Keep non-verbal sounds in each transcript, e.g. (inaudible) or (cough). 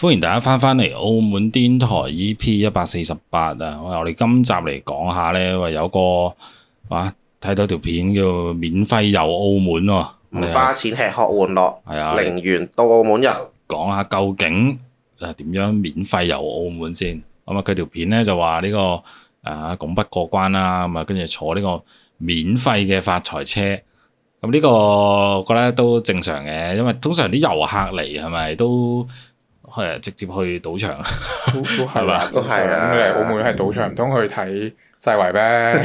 歡迎大家翻翻嚟澳門癲台 EP 一百四十八啊！我哋今集嚟講下呢，話有個哇睇到條片叫免費遊澳門喎，唔花錢吃喝喝玩樂，零元到澳門遊。講下究竟誒點樣免費遊澳門先？咁、嗯這個、啊，佢條片呢就話呢個啊拱北過關啦，咁啊跟住坐呢個免費嘅發財車。咁呢個我覺得都正常嘅，因為通常啲遊客嚟係咪都～係直接去賭場，都係嘛，都係啊！澳門係賭場，唔通去睇世遺咩？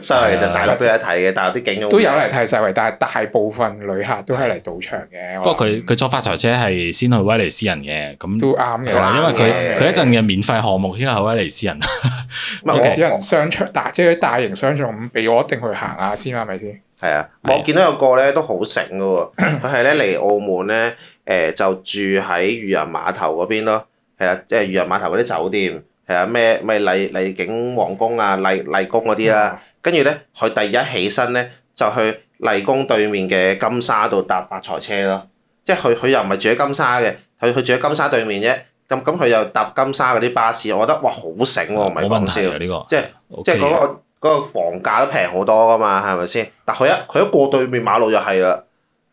世遺就大陸都有睇嘅，大陸啲景都有嚟睇世遺，但係大部分旅客都係嚟賭場嘅。不過佢佢坐發財車係先去威尼斯人嘅，咁都啱嘅。啦，因為佢佢一陣嘅免費項目先係威尼斯人，威尼斯人商場大，即係啲大型商場，咁畀我一定去行下先啊，係咪先。係啊，我見到有個咧都好醒㗎喎，佢係咧嚟澳門咧，誒就住喺漁人碼頭嗰邊咯。係啊，即係漁人碼頭嗰啲酒店，係啊，咩咩麗麗景皇宮啊、麗麗宮嗰啲啦。跟住咧，佢第一起身咧就去麗宮對面嘅金沙度搭發財車咯。即係佢佢又唔係住喺金沙嘅，佢佢住喺金沙對面啫。咁咁佢又搭金沙嗰啲巴士，我覺得哇好醒喎，唔係講笑啊呢個，即係即係嗰個。嗰個房價都平好多噶嘛，係咪先？但佢一佢一過對面馬路就係啦，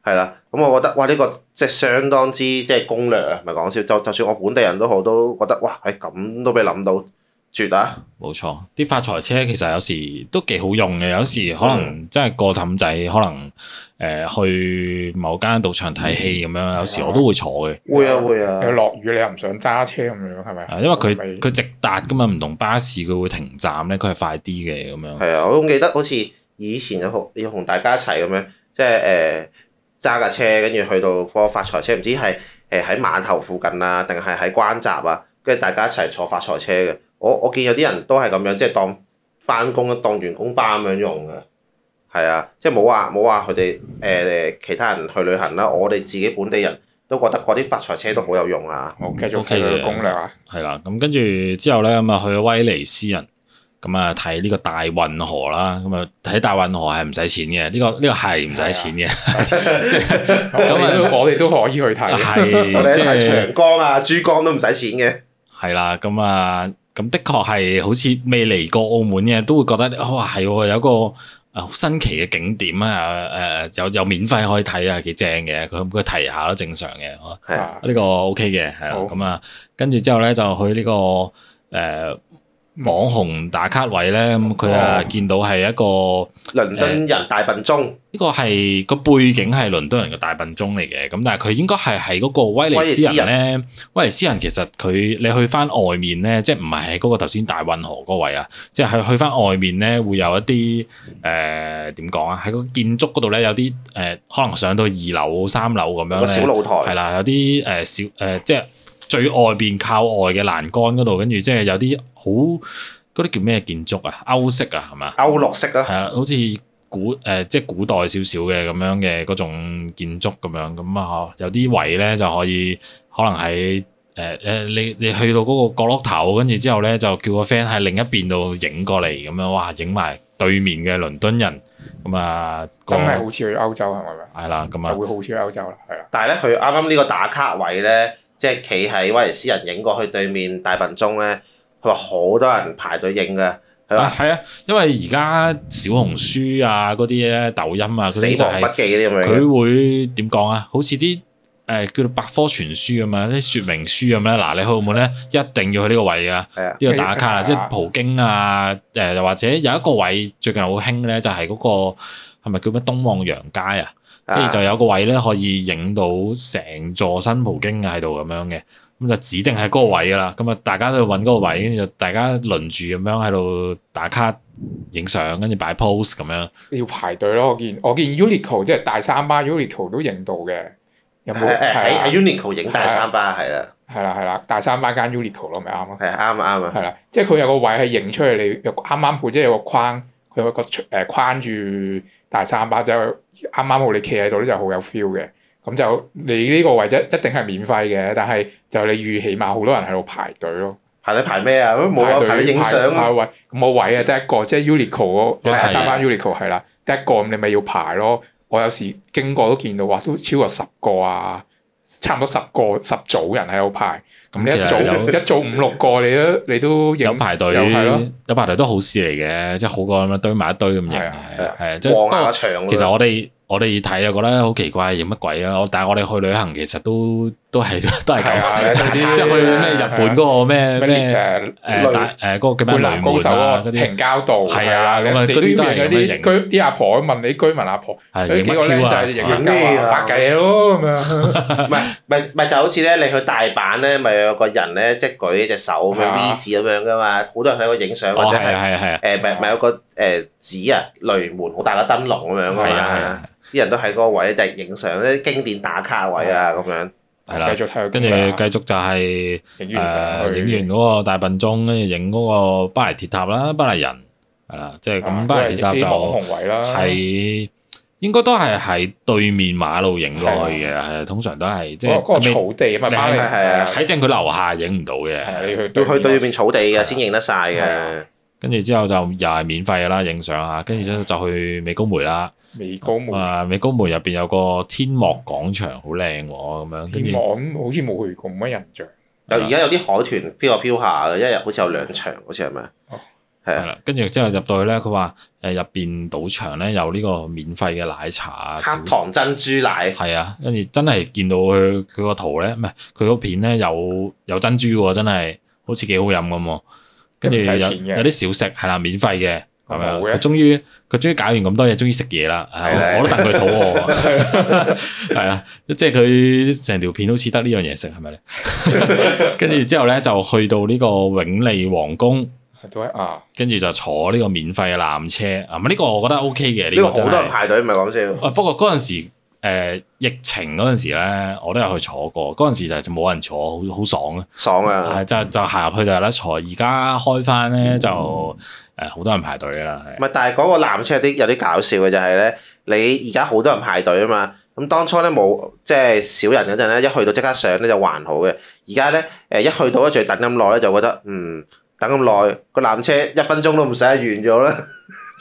係啦。咁、嗯、我覺得哇，呢、這個即係相當之即係攻略啊！唔係講笑，就就算我本地人都好，都覺得哇，係、哎、咁都俾諗到，絕啊！冇錯，啲發財車其實有時都幾好用嘅，有時可能真係過氹仔，嗯、可能。誒去某間賭場睇戲咁樣，吧有時我都會坐嘅、啊。會啊會啊，落雨你又唔想揸車咁樣，係咪？啊，因為佢佢直達㗎嘛，唔同巴士佢會停站咧，佢係快啲嘅咁樣。係啊，我記得好似以前要同大家一齊咁樣，即係誒揸架車跟住去到嗰個發財車，唔知係誒喺碼頭附近啊，定係喺關閘啊，跟住大家一齊坐發財車嘅。我我見有啲人都係咁樣，即、就、係、是、當返工啊，當員工巴咁樣用嘅。係啊，即係冇話冇話佢哋誒其他人去旅行啦，我哋自己本地人都覺得嗰啲發財車都好有用啊！我繼續傾攻略啊，係啦、啊，咁跟住之後咧咁啊去威尼斯人，咁啊睇呢個大運河啦，咁、這個這個、啊睇大運河係唔使錢嘅，呢個呢個係唔使錢嘅，即係咁我哋都可以去睇， (laughs) 是啊、我即係長江啊、就是、珠江都唔使錢嘅，係啦，咁啊，咁的確係好似未嚟過澳門嘅都會覺得哇，係、哦哦、有一個。啊，好新奇嘅景點啊，誒、啊、有有免費可以睇啊，幾正嘅，佢佢提下都正常嘅，係啊，呢、呢個 OK 嘅，係啦，咁啊，跟住好、啊、之後咧就去呢、呢個誒。呃網紅打卡位咧，咁佢啊見到係一個倫、哦呃、敦人大笨鐘，呢、呃這個係個背景係倫敦人嘅大笨鐘嚟嘅，咁但係佢應該係喺嗰個威尼斯人咧，威尼斯人、威尼斯人其實佢你去翻外面咧，即係唔係喺嗰個頭先大運河嗰位啊，即係去翻外面咧會有一啲誒點講啊，喺、呃、個建築嗰度咧有啲誒、呃、可能上到二樓三樓咁樣嘅小露台，係啦，有啲誒小誒即係。最外邊靠外嘅欄杆嗰度，跟住即係有啲好嗰啲叫咩建築啊？歐式啊，係咪啊？歐陸式啊，係啊，好似古誒、呃、即係古代少少嘅咁樣嘅嗰種建築咁樣，咁、嗯、啊有啲位咧就可以可能喺誒誒你你去到嗰個角落頭，跟住之後咧就叫個 friend 喺另一邊度影過嚟咁樣，哇！影埋對面嘅倫敦人，咁、嗯、啊，那個、真係好似去歐洲係咪啊？係啦，咁啊，就會好似去歐洲啦，係啦。但係咧，佢啱啱呢個打卡位咧。打算即係企喺威尼斯人影過去對面大笨鐘咧，佢話好多人排隊影㗎，係啊，係啊，因為而家小紅書啊嗰啲咧、抖音啊嗰啲就係筆記啲咁樣佢會點講啊？好似啲誒叫做百科全書咁樣，啲説明書咁啦。嗱，你去澳門咧一定要去呢個位㗎，呢、啊、個打卡啦。啊啊、即係葡京啊，誒、呃、又或者有一個位最近好興咧，就係嗰個係咪叫咩東望洋街啊？跟住就有個位咧，可以影到成座新葡京喺度咁樣嘅，咁就指定係嗰個位噶啦。咁啊，大家都揾嗰個位，跟住就大家輪住咁樣喺度打卡影相，跟住擺 pose 咁樣。要排隊咯，我見我見 Uniqlo 即係大三巴 Uniqlo 都影到嘅，有冇喺 Uniqlo 影大三巴？係啦，係啦係啦，大三巴間 Uniqlo 咯，咪啱咯。係啱啊啱啊，係啦、啊啊啊啊，即係佢有個位係影出嚟，又啱啱好，即係有個框，佢有個框誒、呃呃、框住。大三巴就啱啱好你，你企喺度咧就好有 feel 嘅。咁就你呢個位置一定係免費嘅，但係就你預起碼好多人喺度排隊咯。排隊排咩啊？冇位啊，排影相啊？喂，冇位啊，得一個，即係 Uniqlo 咯，大三巴 Uniqlo 係啦，得一個，咁你咪要排咯。我有時經過都見到，哇，都超過十個啊！差唔多十個十組人喺度排，咁一組一組五六個，你，你都你都 (laughs) 有排隊，有排隊都好事嚟嘅，即係對好過咁樣堆埋一堆咁樣，係啊對，即係望下其實我哋。我哋睇又覺得好奇怪，影乜鬼啊！但係我哋去旅行其實都都係都係咁嗰啲，即係去咩日本嗰個咩咩誒誒嗰個叫咩高手啊，平交道係啊，嗰啲都係嗰啲居啲阿婆問你居民阿婆，嗰幾個咧就係影啲發髻咯咁樣。唔係唔係唔係就好似咧，你去大阪咧，咪有個人咧即係舉隻手咁樣 V 字咁樣噶嘛，好多人都喺度影相或者係誒咪咪有個。誒紙啊，雷門好大個燈籠咁樣啊嘛，啲人都喺嗰個位就影相，啲經典打卡位啊咁樣。係啦，繼續睇，跟住繼續就係影完嗰個大笨鐘，跟住影嗰個巴黎鐵塔啦，巴黎人係啦，即係咁巴黎鐵塔就位係應該都係喺對面馬路影落去嘅，係啊，通常都係即係嗰個草地咪巴黎鐵塔。係啊，喺正佢樓下影唔到嘅，你去對面草地嘅先影得晒嘅。跟住之後就又係免費㗎啦，影相啊！跟住之後就去美高梅啦、嗯呃。美高梅啊！美高梅入邊有個天幕廣場，好靚喎，咁樣。天幕好似冇去過，冇乜印象。有而家有啲海豚飄上飄下嘅，一日好似有兩場，好似係咪？哦，係啊。跟住之後入到去咧，佢話誒入邊賭場咧有呢個免費嘅奶茶啊。黑糖珍珠奶。係啊，跟住真係見到佢佢個圖咧，唔係佢個片咧有有珍珠喎，真係好似幾好飲咁。跟住有有啲小食係啦，免費嘅，咁樣佢終於佢終於搞完咁多嘢，終於食嘢啦，係 (laughs) 我都戥佢肚餓，係啊， (laughs) (laughs) 即係佢成條片好似得 (laughs) 呢樣嘢食係咪咧？跟住之後咧就去到呢個永利皇宮，啊，跟住就坐呢個免費嘅纜車啊，呢 (laughs) 個我覺得 O K 嘅，呢個真係好多人排隊唔係講笑啊，不過嗰陣時。誒、呃、疫情嗰陣時咧，我都有去坐過。嗰陣時就就冇人坐，好好爽，爽啊！爽啊、呃！係就就行入去就有得坐。而家開翻咧就誒好、嗯呃、多人排隊啦。唔係，但係嗰個纜車有啲有啲搞笑嘅就係咧，你而家好多人排隊啊嘛。咁當初咧冇即係少人嗰陣咧，一去到即刻上咧就還好嘅。而家咧誒一去到咧仲要等咁耐咧，就覺得嗯等咁耐個纜車一分鐘都唔使完咗啦。 (laughs)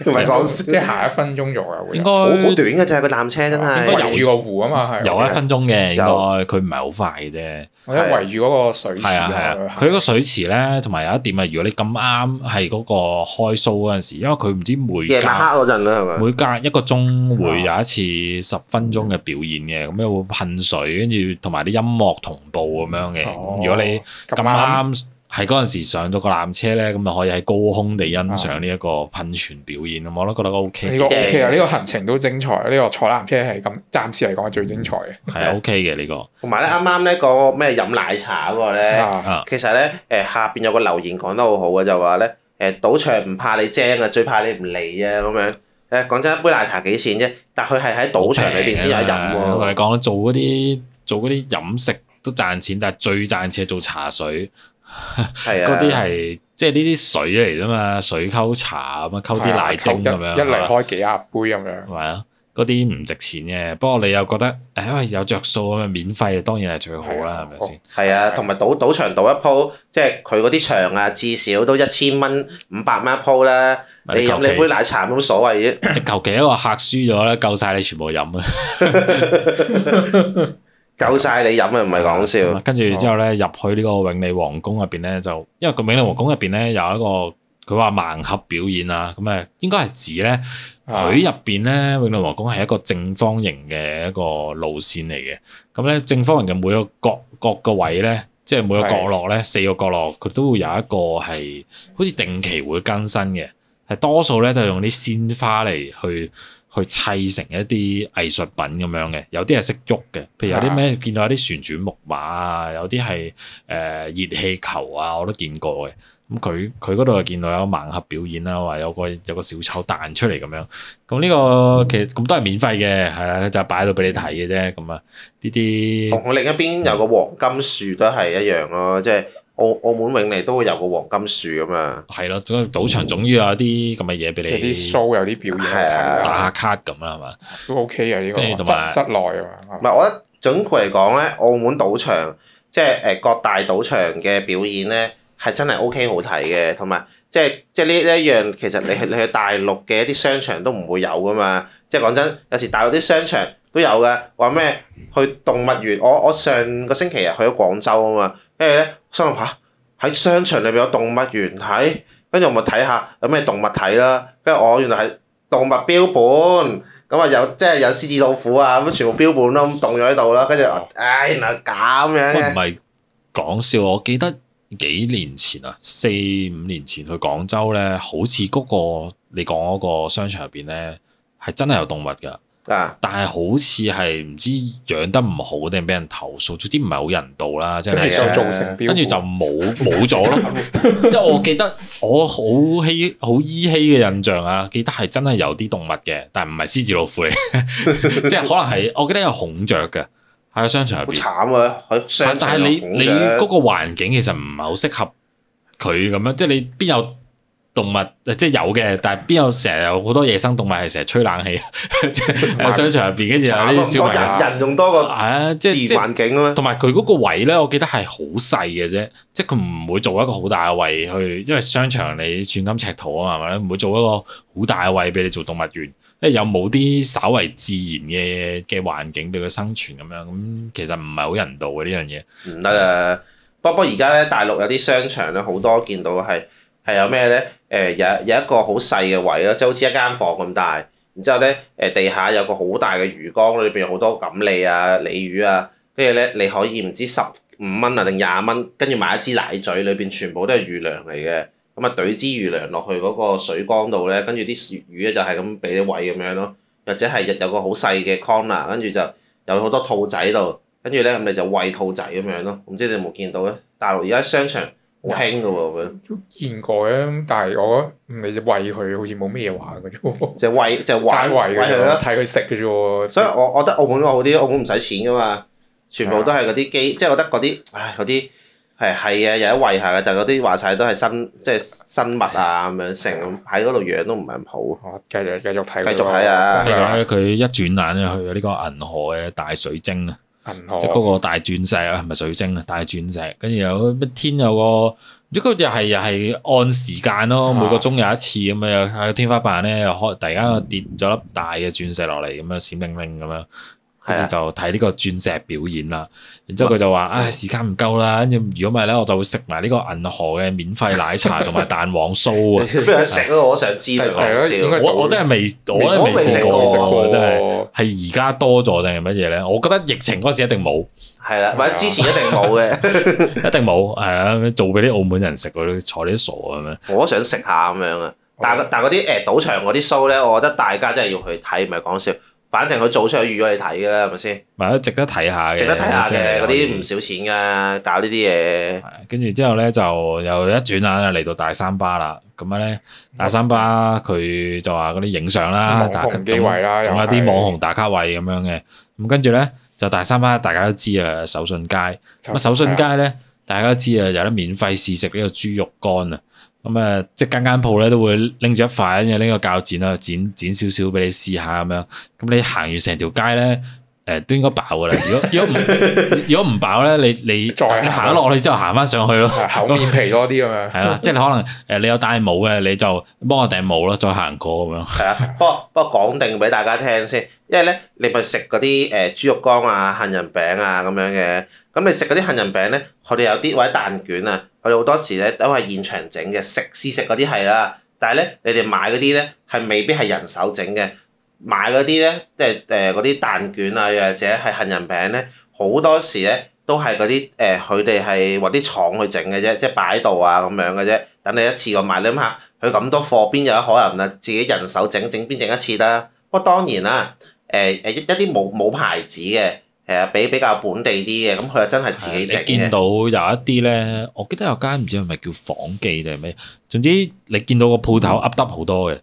唔係講即係下一分鐘用啊！應該好好短嘅啫，個纜車真係。應該遊住個湖啊嘛，係遊一分鐘嘅，應該佢唔係好快嘅啫。我喺圍住嗰個水池行。係啊係啊。佢個水池咧，同埋有一點啊，如果你咁啱係嗰個開 show 嗰陣時，因為佢唔知每夜晚黑嗰陣咧，每隔一個鐘會有一次十分鐘嘅表演嘅，咁樣會噴水，跟住同埋啲音樂同步咁樣嘅。如果你咁啱。係嗰陣時上到個纜車咧，咁就可以喺高空地欣賞呢一個噴泉表演。啊、我都覺得 OK，個 O、OK, K。呢個其實呢個行程都精彩，呢、呢個坐纜車係咁，暫時嚟講係最精彩嘅，係 O K 嘅呢個。同埋咧，啱啱咧個咩飲奶茶嗰個咧，啊、其實咧誒下邊有個留言講得好好嘅，就話咧誒賭場唔怕你精啊，最怕你唔嚟啊咁樣。誒講真，一杯奶茶幾錢啫？但佢係喺賭場裏邊先有飲嘅。我哋講做啲做嗰啲飲食都賺錢，但係最賺錢係做茶水。嗰啲係即係呢啲水嚟啫嘛，水溝茶咁啊，溝啲奶精咁樣，一嚟開幾啊杯咁樣，係啊，嗰啲唔值錢嘅。不過你又覺得誒，因、哎、為有着數咁啊，免費啊，當然係最好啦，係咪先？係啊，同埋賭賭場賭一鋪，即係佢嗰啲場啊，至少都一千蚊、五百蚊一鋪啦。你飲你杯奶茶冇所謂啫。你求其一個客輸咗啦，夠晒你全部飲啊。 (laughs) (laughs) 夠曬你飲啊，唔係講笑。嗯、跟住之後咧，入去呢個永利皇宮入邊咧，就因為個永利皇宮入邊咧有一個，佢話盲盒表演啦。咁誒，應該係指咧，佢入邊咧，永利皇宮係一個正方形嘅一個路線嚟嘅。咁咧，正方形嘅每個角，各個位咧，即係每個角落咧，是四個角落佢都會有一個係，好似定期會更新嘅，係多數咧都係用啲鮮花嚟去。去砌成一啲藝術品咁樣嘅，有啲係識喐嘅，譬如有啲咩見到有啲旋轉木馬啊，有啲係誒熱氣球啊，我都見過嘅。咁佢佢嗰度又見到有盲盒表演啦，話有個有個小丑彈出嚟咁樣。咁呢個其實咁都係免費嘅，係啦，就擺到俾你睇嘅啫。咁啊，呢啲我另一邊有個黃金樹都係一樣咯，即係。澳澳門永利都會有個黃金樹咁啊，係咯，總之賭場總要有啲咁嘅嘢俾你，即係啲 show 有啲表演，的打卡 card 咁啊嘛，都 OK 嘅，呢個室內啊嘛。唔係，我覺得總括嚟講咧，澳門賭場即係誒各大賭場嘅表演咧，係真係 OK 好睇嘅，同埋即係即係呢呢一樣，其實你去你去大陸嘅一啲商場都唔會有噶嘛，即係講真，有時大陸啲商場都有嘅，話咩去動物園，我我上個星期日去咗廣州啊嘛。跟住咧，心諗下喺商場裏邊有動物園睇，跟住我咪睇下有咩動物睇啦。跟住我原來係動物標本，咁啊有即係有獅子老虎啊，都全部標本都咁動咗喺度啦。跟住我，唉、哎、原來咁樣嘅。唔係講笑，我記得幾年前啊，四五年前去廣州咧，好似嗰個你講嗰個商場入邊咧，係真係有動物㗎。啊、但係好似係唔知養得唔好定俾人投訴，總之唔係好人道啦。即係跟住就造成，跟住就冇冇咗咯。即係 (laughs) 我記得我好稀好依稀嘅印象啊，記得係真係有啲動物嘅，但係唔係獅子老虎嚟，即 (laughs) 係 (laughs) (laughs) 可能係我記得有孔雀嘅喺個商場入邊。慘啊！但係你你嗰個環境其實唔係好適合佢咁樣，即係你邊有。動物即係有嘅，但係邊有成日有好多野生動物係成日吹冷氣？一 (laughs) 商場入邊跟住有啲小朋友，人用多過、啊，即係環即境啊？嘛，同埋佢嗰個位咧，我記得係好細嘅啫，即係佢唔會做一個好大嘅位去，因為商場你寸金尺土啊嘛，唔會做一個好大嘅位俾你做動物園，即係有冇啲稍為自然嘅嘅環境俾佢生存咁樣？咁其實唔係好人道嘅行呢樣嘢，唔得啦。不過而家咧，大陸有啲商場咧，好多見到係。係有咩咧？誒、呃、有有一個好細嘅位咯，即係好似一間房咁大。然之後咧，誒、呃、地下有個好大嘅魚缸，裏邊有好多錦鯉啊、鯉魚啊。跟住咧，你可以唔知十五蚊啊定廿蚊，跟住買一支奶嘴，裏邊全部都係魚糧嚟嘅。咁、嗯、啊，懟支魚糧落去嗰個水缸度咧，跟住啲魚就係咁俾你餵咁樣咯。或者係有個好細嘅籠啦，跟住就有好多兔仔度，跟住咧咁你就餵兔仔咁樣咯。唔知你有冇見到咧？大陸而家商場。輕嘅喎，都見過嘅。但係我覺得你就餵佢，好似冇咩嘢玩嘅啫。就餵、是，就餵，餵佢咯，睇佢食嘅啫喎。所以我我覺得澳門嗰啲，澳門唔使錢嘅嘛，全部都係嗰啲機，即係的我覺得嗰啲，唉，嗰啲係係啊，有得餵下嘅，但係嗰啲話晒都係生，即係生物啊咁樣，成喺嗰度養都唔係咁好。繼續繼續睇，繼續睇啊！佢佢一轉眼咧去咗呢個銀河嘅大水晶啊！即係嗰個大鑽石啊，哎，係咪水晶啊？大鑽石，跟住有乜天有個，即知嗰個又係又係按時間咯，每個鐘有一次咁樣，喺天花板咧又開，突然間跌咗粒大嘅鑽石落嚟，咁樣閃靈靈咁樣。跟住就睇呢個鑽石表演啦，然之後佢就話，唉、嗯哎，時間唔夠啦。跟住如果唔係咧，我就會食埋呢個銀河嘅免費奶茶同埋蛋黃酥 (laughs) 啊！食是我想知啊！我我，我真係未，沒我係未試過食過、啊，真係係而家多咗定係乜嘢咧？我覺得疫情嗰時一定冇，係啦了，或者了之前一定冇嘅， (laughs) (laughs) 一定冇，係啊，做俾啲澳門人食，坐啲傻咁樣。我想食下咁樣啊，但係但係嗰啲誒賭場嗰啲酥咧，我覺得大家真係要去睇，唔係講笑。反正佢做出嚟預咗你睇㗎啦，係咪先？咪值得睇下嘅，值得睇下嘅嗰啲唔少錢㗎，搞呢啲嘢。跟住之後咧就又一轉眼啦，嚟到大三巴啦。咁樣咧，大三巴佢就話嗰啲影相啦，打卡位啦，仲有啲網紅打卡位咁樣嘅。咁跟住咧就大三巴大家都知啊，手信街。乜手信街咧大家都知啊，有得免費試食呢個豬肉乾啊！咁誒，即係間間鋪咧都會拎住一塊，跟住拎個鉸剪啦，剪剪少少俾你試下咁樣。咁你行完成條街咧，誒、呃、都應該飽嘅啦。如果如果唔 (laughs) 如果唔飽咧，你你再行落去之後行翻上去咯，厚面皮多啲咁樣。係啦， (laughs) 即係你可能誒，你有戴帽嘅，你就幫我頂帽咯，再行過咁樣。係啊， (laughs) 不過不過講定俾大家聽先，因為咧你咪食嗰啲誒豬肉乾啊、杏仁餅啊咁樣嘅。咁你食嗰啲杏仁餅咧，佢哋有啲或者蛋卷啊。我哋好多時咧都係現場整嘅，食試食嗰啲係啦。但係咧，你哋買嗰啲咧係未必係人手整嘅，買嗰啲咧即係誒嗰啲蛋卷啊，又或者係杏仁餅咧，好多時咧都係嗰啲誒，佢哋係揾啲廠去整嘅啫，即係擺喺度啊咁樣嘅啫。等你一次過買，你諗下佢咁多貨，邊有可能啊？自己人手整整邊整一次得。不過當然啦，誒、呃、誒一啲冇冇牌子嘅。誒，比比較本地啲嘅，咁佢又真係自己整嘅。你見到有一啲咧，我記得有間唔知係咪叫房記定係咩？總之你見到個鋪頭 up up 好多嘅、嗯，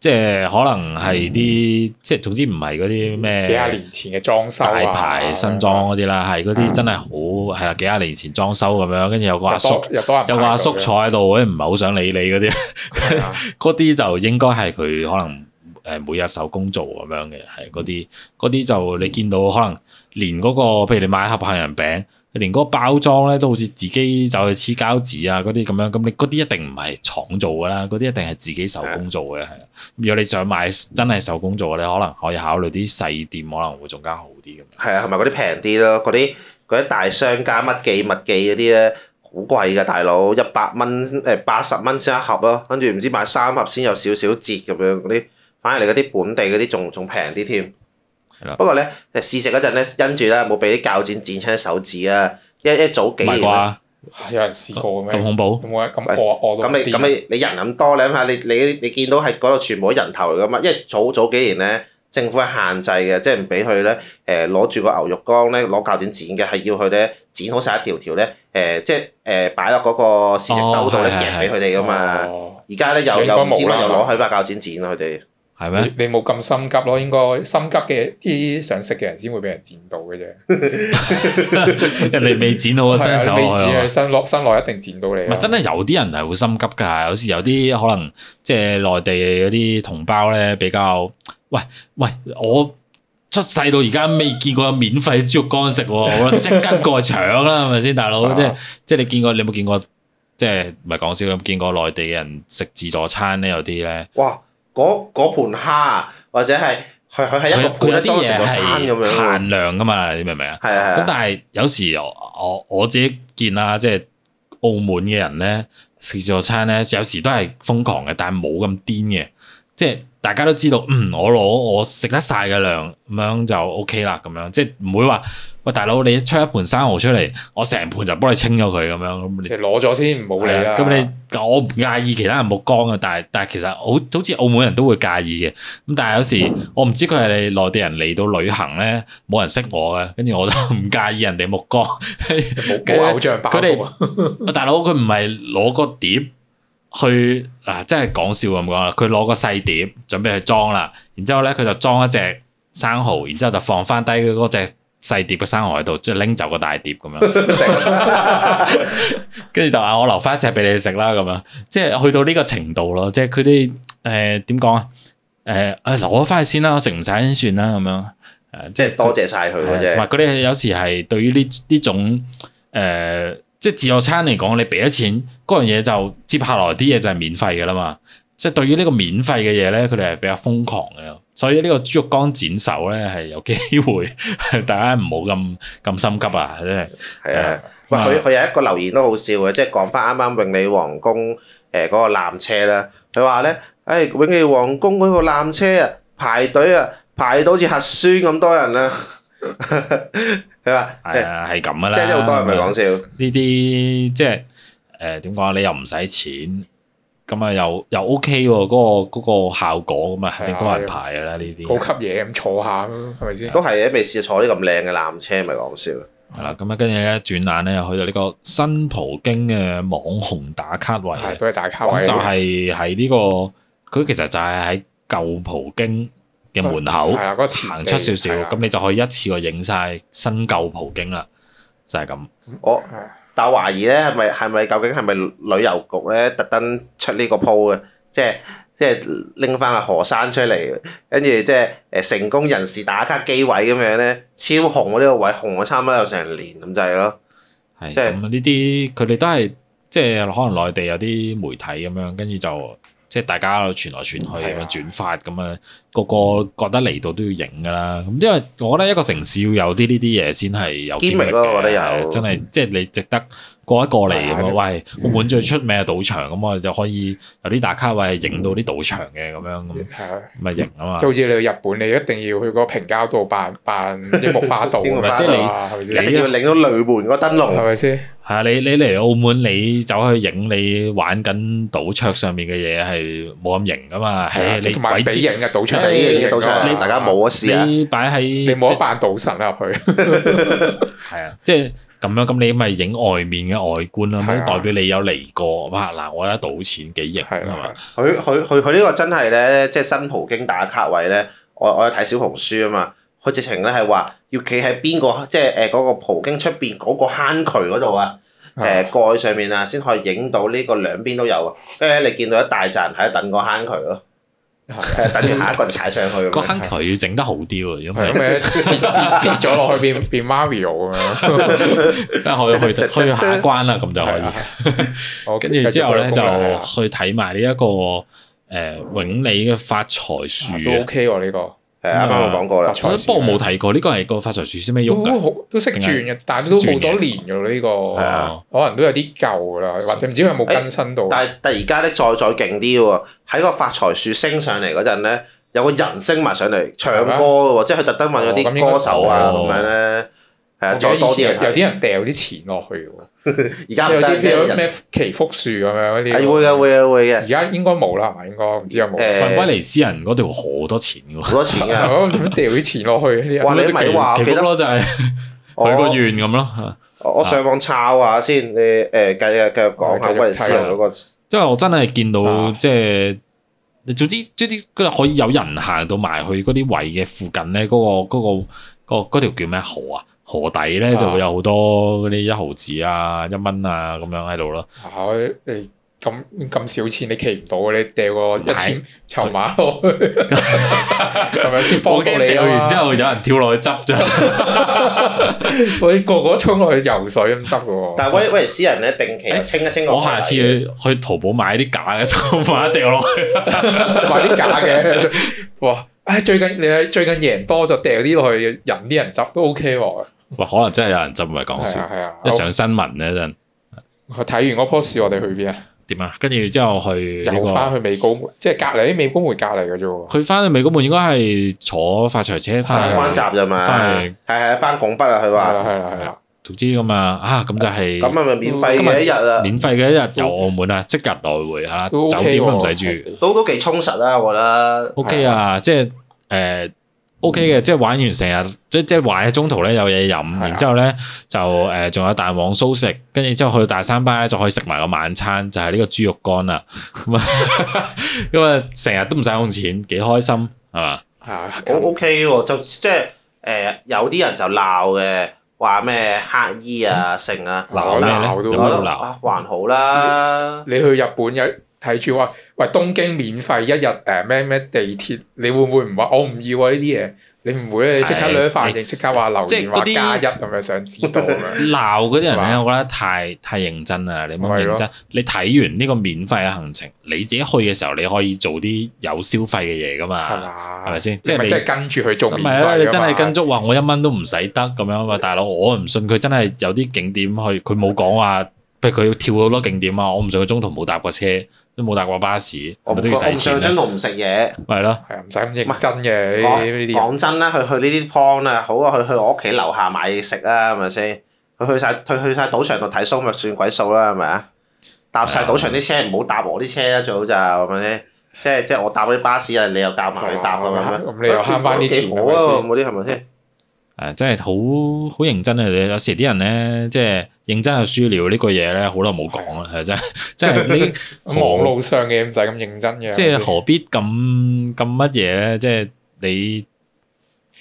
即係可能係啲，即係總之唔係嗰啲咩幾廿年前嘅裝修啊，大牌新裝嗰啲啦，係嗰啲真係好係啦，幾廿年前裝修咁樣，跟住有個阿叔，有多，有多有個阿叔坐喺度，唔係好想理你嗰啲，嗰啲、嗯、 (laughs) 就應該係佢可能誒每日手工做咁樣嘅，係嗰啲嗰啲就你見到可能、嗯。連嗰個譬如你買一盒杏仁餅，連嗰個包裝咧都好似自己走去黐膠紙啊嗰啲咁樣，咁你嗰啲一定唔係廠做㗎啦，嗰啲一定係自己手工做嘅係啦。如果你想買真係手工做嘅，你可能可以考慮啲細店，可能會仲加好啲咁。係啊，係咪嗰啲平啲咯，嗰啲啲大商家乜記乜記嗰啲咧好貴㗎，大佬一百蚊誒八十蚊先一盒咯，跟住唔知買三盒先有少少折咁樣嗰啲，反而你嗰啲本地嗰啲仲仲平啲添。不過咧，試食嗰陣咧，因住咧冇俾啲鉸剪剪親手指啊。一一早幾年，係有人試過咁恐怖？咁、嗯、你咁你你人咁多，你諗下你你你見到係嗰度全部人頭嚟噶嘛？因為早早幾年咧，政府係限制嘅，即係唔俾佢咧，誒攞住個牛肉乾咧攞鉸剪剪嘅，係要佢咧、呃、剪好晒一條條咧，誒、呃、即係誒擺落嗰個試食兜度咧夾俾佢哋噶嘛。而家咧又又唔知點解又攞去把鉸剪刀剪啦佢哋。係咩？你冇咁心急咯，應該心急嘅啲想食嘅人先會俾人剪到嘅啫。一 (laughs) 未 (laughs) 剪到嘅新手，未剪新落新落一定剪到你。唔係真係有啲人係會心急㗎，有時有啲可能即係內地嗰啲同胞咧比較，喂喂，我出世到而家未見過免費豬肉乾食喎，我即刻過去搶啦，係咪先，大佬？啊、即即你見過你有冇見過即係唔係講笑咁？有見過內地嘅人食自助餐咧，有啲咧哇～ (laughs) (laughs) 嗰嗰盤蝦，或者係佢佢係一個盤咧裝成個餐咁樣，限量噶嘛，的你明唔明啊？係啊係啊。咁但係有時我我自己見啦，即係澳門嘅人咧食自助餐咧，有時都係瘋狂嘅，但係冇咁癲嘅，即係。大家都知道，嗯，我攞我食得晒嘅量，咁樣就 OK 啦。咁樣即係唔會話喂，大佬你出一盤生蠔出嚟，我成盤就幫你清咗佢咁樣。其實攞咗先，唔好理啦。咁你我唔介意其他人目光嘅，但係但係其實好好似澳門人都會介意嘅。咁但係有時我唔知佢係你內地人嚟到旅行咧，冇人識我嘅，跟住我就唔介意人哋目光。冇 (laughs) 實偶像包袱。佢哋們 (laughs) 大佬佢唔係攞個碟。去嗱，真係講笑咁講啦。佢攞個細碟準備去裝啦，然之後咧佢就裝一隻生蠔，然之後就放翻低嗰隻細碟嘅生蠔喺 (laughs) (laughs) 度，即係拎走個大碟咁樣。跟住就話我留翻一隻俾你哋食啦，咁樣即係去到呢個程度咯。即係佢哋誒點講啊？誒，誒，攞翻去先啦，我食唔晒，先算啦，咁樣誒，即係多謝晒佢嘅啫。同埋佢哋有時係對於呢呢種誒。呃即係自助餐嚟講，你俾咗錢，嗰樣嘢就接下來啲嘢就係免費㗎啦嘛。即係對於呢個免費嘅嘢咧，佢哋係比較瘋狂嘅。所以呢個豬肉乾剪手咧係有機會，大家唔好咁咁心急啊！真係。係啊，哇！佢佢有一個留言都好笑嘅，即係講翻啱啱永利皇宮誒嗰、呃那個纜車啦。佢話咧：誒、哎、永利皇宮嗰個纜車啊，排隊啊，排到好似核酸咁多人啦、啊。 (laughs) 佢係啊，係咁噶啦，即係好多人，咪係講笑。呢啲即係誒點講？你又唔使錢，咁啊又又 OK 喎、啊。嗰、那個那個效果咁啊，肯定多人排噶、啊、啦。呢啲高級嘢咁坐下，係咪先？ (laughs) 都係啊！未試坐啲咁靚嘅纜車，咪係講笑。係啦，咁啊，跟住咧轉眼咧又去到呢個新葡京嘅網紅打卡位。係、啊、都係打卡位。啊、就係喺呢個，佢、啊、其實就係喺舊葡京。嘅門口，行的出少少，咁的你就可以一次過影晒新舊葡京啦，就係、是、咁。我但我懷疑咧，咪係咪究竟係咪旅遊局咧特登出呢個 po 嘅？即係即係拎翻個河山出嚟，跟住即係誒成功人士打卡機位咁樣咧，超紅呢個位，紅咗差唔多有成年咁就係咯。係的、就是、即係呢啲佢哋都係即係可能內地有啲媒體咁樣，跟住就即係大家傳來傳去咁啊轉發咁啊。的的個個覺得嚟到都要影噶啦，咁因為我覺得一個城市要有啲呢啲嘢先係有知名度，覺得有真係即係你值得過一過嚟咁啊！喂，澳門最出名嘅賭場咁啊，我哋就可以有啲打卡位，影到啲賭場嘅咁樣咁，咪影啊嘛！即係好似你去日本，你一定要去個平交道辦辦啲木花道啊，即係你，你要領到雷門嗰個燈籠，係咪先？係啊，你你嚟澳門你走去影你玩緊賭桌上面嘅嘢係冇咁型噶嘛？係你鬼知影嘅賭桌。場你大家冇得事啊！你擺喺即你冇扮賭神入去，係 (laughs) (laughs) 啊，即係咁樣。咁你咪影外面嘅外觀啦，咪 (laughs) 代表你有嚟過。哇！嗱，我而家賭錢幾型是啊嘛吧！佢佢佢佢呢個真係咧，即係新葡京打卡位咧。我我有睇小紅書啊嘛，佢直情咧係話要企喺邊個，即係誒嗰個葡京出邊嗰個坑渠嗰度是啊、呃，誒蓋上面啊，先可以影到呢個兩邊都有啊。跟住你見到一大扎人喺度等個坑渠咯。等住下一個就踩上去，個坑渠要整得好啲，咁樣跌跌跌咗落去變變 Mario 咁樣，去去下一關啦，咁就可以。跟住之後咧呢 (music) 就去睇埋呢一個誒、呃、永利嘅發財樹，都 OK 喎，呢、呢個。啱啱講過啦，發我幫冇提過，呢、呢個係個發財樹先咩用嘅？都好都識轉嘅，但係都好多年嘅呢、呢個，可能都有啲舊啦，的或者唔知佢有冇更新到、欸。但係但係而家咧再再勁啲喎，喺個發財樹升上嚟嗰陣咧，有個人升埋上嚟唱歌嘅喎，的即係佢特登揾咗啲歌手啊咁樣咧。哦。係啊， (music) 有啲人掉啲錢落去喎，而家有啲咩祈福樹咁樣嗰啲。係會嘅，會嘅，會嘅。而家應該冇啦，係咪？應該唔知有冇。欸、威尼斯人嗰度好多錢喎，好多錢啊！咁樣掉啲錢落去？或者咪話祈福咯，就係去個願咁咯。我上網抄下先，你誒、呃，繼續繼續講下威尼斯人嗰個，因為、嗯、我真係見到即係你早知早知佢可以有人行到埋去嗰啲位嘅附近咧、嗰個，嗰、嗰個嗰、嗰個、嗰個、條叫咩河啊？河底咧就會有好多嗰啲一毫子啊、一蚊啊咁樣喺度咯。嚇、啊，你咁咁少錢你企唔到嘅，你掉個一千籌碼落去，係咪先幫到你掉、啊、完之後有人跳落去執啫。嗰啲個個衝落去游水咁執嘅喎。但係威尼斯人咧，定期清一清。我下次去去淘寶買啲假嘅籌碼掉落去， (laughs) 買啲假嘅哇！唉、哎，最近你係最近贏多就掉啲落去人啲人執都 OK 喎、啊。哇、呃，可能真係有人執唔係講笑， (laughs) 啊啊、一上新聞咧好真的。我睇完嗰棵樹，我哋去邊啊？點啊？跟住之後去有、這、翻、個、去美高梅，即係隔離啲美高梅隔離嘅啫喎。佢翻去美高梅應該係坐發財車翻，關閘啫嘛。係係翻拱北啊！佢話係啦係啦。總之噶嘛，啊咁就係咁啊咪免費嘅一日啊，免費嘅一日遊澳門啊，即日來回吓，酒店都唔使住，都都幾充實啊，我覺得。O K 啊，即係誒 O K 嘅，即係玩完成日，即即係玩喺中途咧有嘢飲，然之後咧就誒仲有蛋黃酥食，跟住之後去到大三巴咧就可以食埋個晚餐，就係呢個豬肉乾啦。咁啊因為成日都唔使用錢，幾開心係嘛？係啊，咁 O K 喎，就即係誒有啲人就鬧嘅。話咩，乞衣啊，剩啊，鬧咩咧？我覺得還好啦你。你去日本有睇住話，喂，東京免費一日誒咩咩地鐵，你會唔會唔話我唔要啊，呢啲嘢？你唔會啊？即刻兩份，即刻話留言啲加一，係咪想知道？鬧嗰啲人咧，我覺得太太認真啦。你冇認真。你睇完呢個免費嘅行程，你自己去嘅時候，你可以做啲有消費嘅嘢㗎嘛？係咪先？即係你跟住去做免費。唔係你真係跟足話，我一蚊都唔使得咁樣嘛，大佬。我唔信佢真係有啲景點去，佢冇講話，譬如佢要跳好多景點啊，我唔信佢中途冇搭過車。都冇搭過巴士，我唔上張度唔食嘢，係咯，係啊，唔使咁認真，唔係真嘅呢啲。講真啦，去去呢啲 point 啦，好啊，去去我屋企樓下買嘢食啦，係咪先？去去曬，去去曬賭場度睇數咪算鬼數啦，係咪啊？搭曬賭場啲車，唔好搭我啲車啦，最好就係咪先？即係即係我搭啲巴士啊，你又教埋佢搭咁樣，你又慳翻啲錢。我嗰啲係咪先？誒、啊，真係好好認真啊！有時啲人咧，即係認真去輸聊呢個嘢咧，好耐冇講啦，係 (laughs) 真你。即係你網路上嘅嘢唔使咁認真嘅、啊。即係何必咁咁乜嘢咧？即係你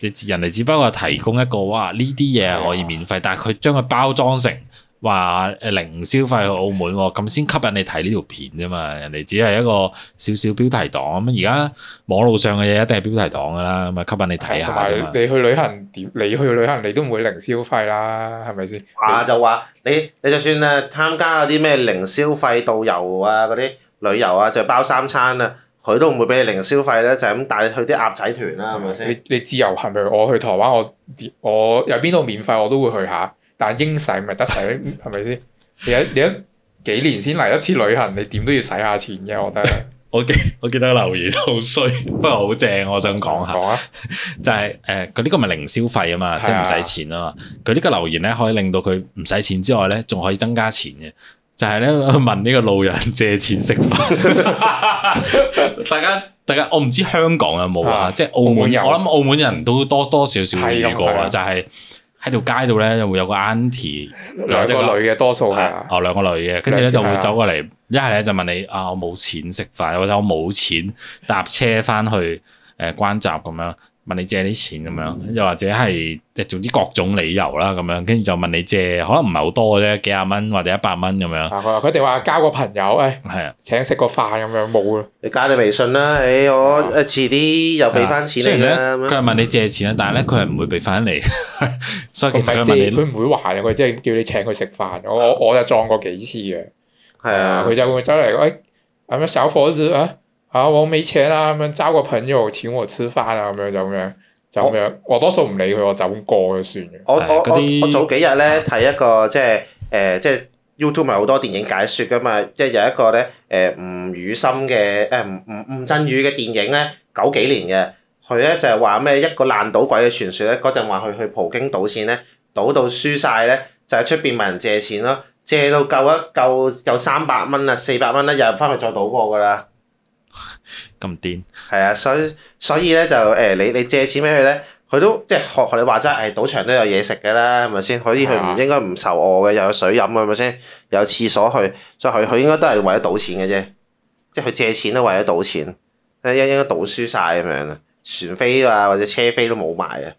你人哋只不過提供一個哇，呢啲嘢可以免費，的但係佢將佢包裝成。話誒零消費去澳門喎，咁先吸引你睇呢條片啫嘛。人哋只係一個少少標題黨咁。而家網路上嘅嘢一定係標題黨㗎啦，咁啊吸引你睇下，你去旅行點？你去旅行你都唔會零消費啦，係咪先？話就話你你就算誒參加嗰啲咩零消費導遊啊，嗰啲旅遊啊，就包三餐啊，佢都唔會俾你零消費咧，就係咁帶你去啲鴨仔團啦、啊，係咪先？你你自由行，譬如我去台灣，我我，我有邊度免費我都會去下。但應使咪得使，係咪先？你一你一幾年先嚟一次旅行，你點都要使下錢嘅，我覺得。我記 (laughs) 我記得留言好衰，不過好正，我想講下。吧就係、是、誒，佢、呃、呢、這個咪零消費啊嘛，即係唔使錢啊嘛。佢呢個留言咧，可以令到佢唔使錢之外咧，仲可以增加錢嘅。就係、是、咧問呢個路人借錢食飯。 (laughs) (laughs) 大家大家，我唔知香港有冇啊？即係澳門人，澳門人我諗澳門人都多多，多少少遇過啊，就係。喺條街度咧，就會有個 aunty，兩個女嘅多數係，哦兩個女嘅，跟住咧就會走過嚟，一係咧就問你啊，我冇錢食飯，或者我冇錢搭車翻去誒關閘咁樣。問你借啲錢咁樣，又或者係即總之各種理由啦咁樣，跟住就問你借，可能唔係好多嘅啫，幾廿蚊，或者一百蚊咁樣。佢哋話交個朋友，誒，係啊，請食個飯咁樣，冇啊。你加你微信啦，誒，我誒遲啲又俾翻錢你啦。佢係問你借錢啦，但係咧佢係唔會俾翻你，所以其實佢唔係借，佢唔會還，佢即係叫你請佢食飯。我我就撞過幾次嘅，係啊，佢就佢走嚟，喂，阿咩小富啊。啊！我冇錢啦，咁樣招個朋友請我吃飯啊，咁樣就咁樣就咁樣。樣我，我多數唔理佢，我就咁過就算嘅。我、哎、我這些 我早幾日咧睇一個、呃、即係誒即係 YouTube 咪好多電影解說噶嘛，即係有一個咧誒、呃、吳，宇、呃、吳，吳，吳振宇森嘅誒吳吳吳鎮宇嘅電影咧，九幾年嘅，佢咧就係話咩一個爛賭鬼嘅傳説咧，嗰陣話佢去葡京賭錢咧，賭到輸晒咧，就喺出邊問人借錢咯，借到夠一夠夠三百蚊啦四百蚊啦，入翻去再賭過噶啦。咁癲係啊，所以所以咧就誒、欸，你你借錢俾佢咧，佢都即係學學你話齋，誒，賭場都有嘢食噶啦，係咪先？所以佢唔應該唔受餓嘅，又有水飲，係咪先？又有廁所去，所以佢佢應該都係為咗賭錢嘅啫，即係佢借錢都為咗賭錢，應應該賭輸晒咁樣啦，船飛啊或者車飛都冇埋啊，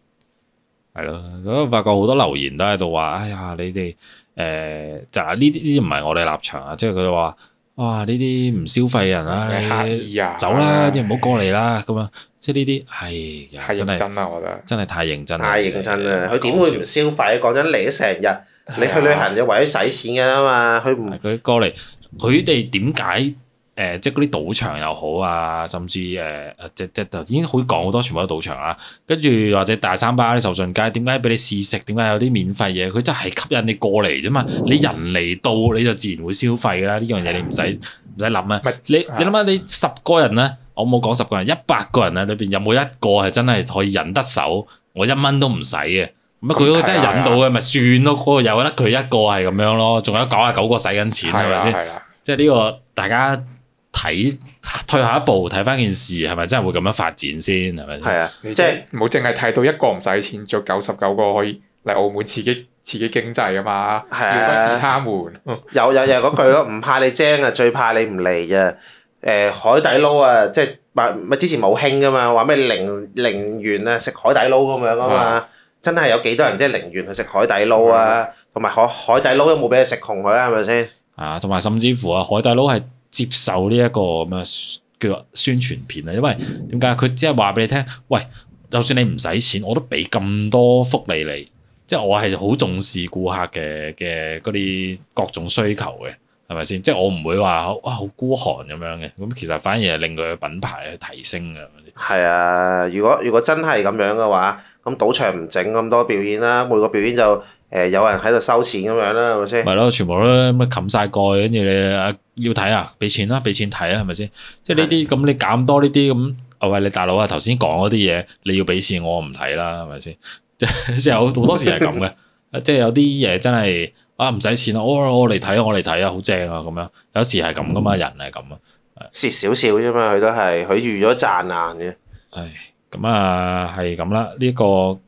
係咯。咁發覺好多留言都喺度話，哎呀，你哋誒就係呢啲呢啲唔係我哋立場啊，即係佢哋話。哇！呢啲唔消費人啊，你乞兒走啦，即係唔好過嚟啦咁啊！即係呢啲係真係太認真啦，我覺得真係太認真。太認真啦，佢點會唔消費？講真，嚟咗成日，你去旅行就為咗使錢㗎啦嘛，佢唔係佢過嚟，佢哋點解？誒、呃、即係嗰啲賭場又好啊，甚至誒誒、呃、即即頭先可以講好多，全部都賭場啊。跟住或者大三巴啲手信街，點解俾你試食？點解有啲免費嘢？佢真係吸引你過嚟啫嘛！你人嚟到你就自然會消費㗎啦，呢樣嘢你唔使唔使諗啊。你你諗下，你十個人咧，我冇講十個人，一百個人啊。裏邊有冇一個係真係可以忍得手？我一蚊都唔使嘅。乜佢真係忍到嘅咪算咯？嗰個有得佢一個係咁樣咯，仲有九十九個使緊錢係咪先？即係呢、呢個大家。睇退下一步，睇翻件事係咪真係會咁樣發展先？係咪？係啊，你們 即係唔好淨係睇到一個唔使錢，仲有九十九個可以嚟澳門刺激刺激經濟噶嘛？係啊，要是他們有有又嗰句咯，唔怕你精啊，最怕你唔嚟啊！誒、呃，海底撈啊，即係咪之前冇興噶嘛？話咩零元啊食海底撈咁樣啊嘛？真係有幾多人即係零元去食海底撈啊？同埋海海底撈都冇俾你食窮佢啊？係咪先？啊，同埋甚至乎啊，海底撈係。接受呢、這、一個咁樣叫做宣傳片啊，因為點解佢只係話俾你聽，喂，就算你唔使錢，我都俾咁多福利你，即係我係好重視顧客嘅嘅嗰啲各種需求嘅，係咪先？即係我唔會話哇好孤寒咁樣嘅，咁其實反而係令佢嘅品牌去提升嘅。係啊，如果如果真係咁樣嘅話，咁賭場唔整咁多表演啦，每個表演就。誒有人喺度收錢咁樣啦，係咪先？係咯， (music) 全部都冚晒蓋，跟住你啊要睇啊，俾錢啦，俾錢睇啊，係咪先？即係呢啲咁你減多呢啲咁，喂你大佬啊，頭先講嗰啲嘢，你要俾錢我唔睇啦，係咪先？即係好多時係咁嘅， (laughs) 即係有啲嘢真係啊唔使錢咯，我我嚟睇啊，我嚟睇啊，好正啊，咁、啊、樣有時係咁噶嘛，人係咁啊蝕少少啫嘛，佢都係佢預咗賺啊嘅。係咁啊，係咁啦，呢、呢個。呢個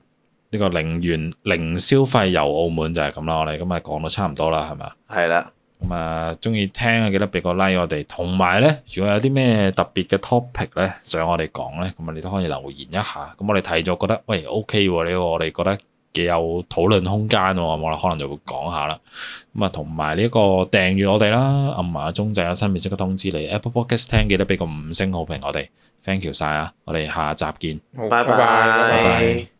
呢個零元零消費遊澳門就係咁啦，我哋今日講到差唔多啦，係咪？係啦的。咁啊，中意聽啊，記得俾個 like 我哋。同埋咧，如果有啲咩特別嘅 topic 咧，想我哋講咧，咁啊，你都可以留言一下。咁我哋睇咗覺得，喂，OK 喎，呢、這個我哋覺得幾有討論空間喎，我哋可能就會講下啦。咁啊，同埋呢一個訂閱我哋啦，同埋阿鐘仔有新片即刻通知你。Apple Podcast 聽記得俾個五星好評我哋，thank you 晒啊！我哋下集見，拜拜。拜拜拜拜。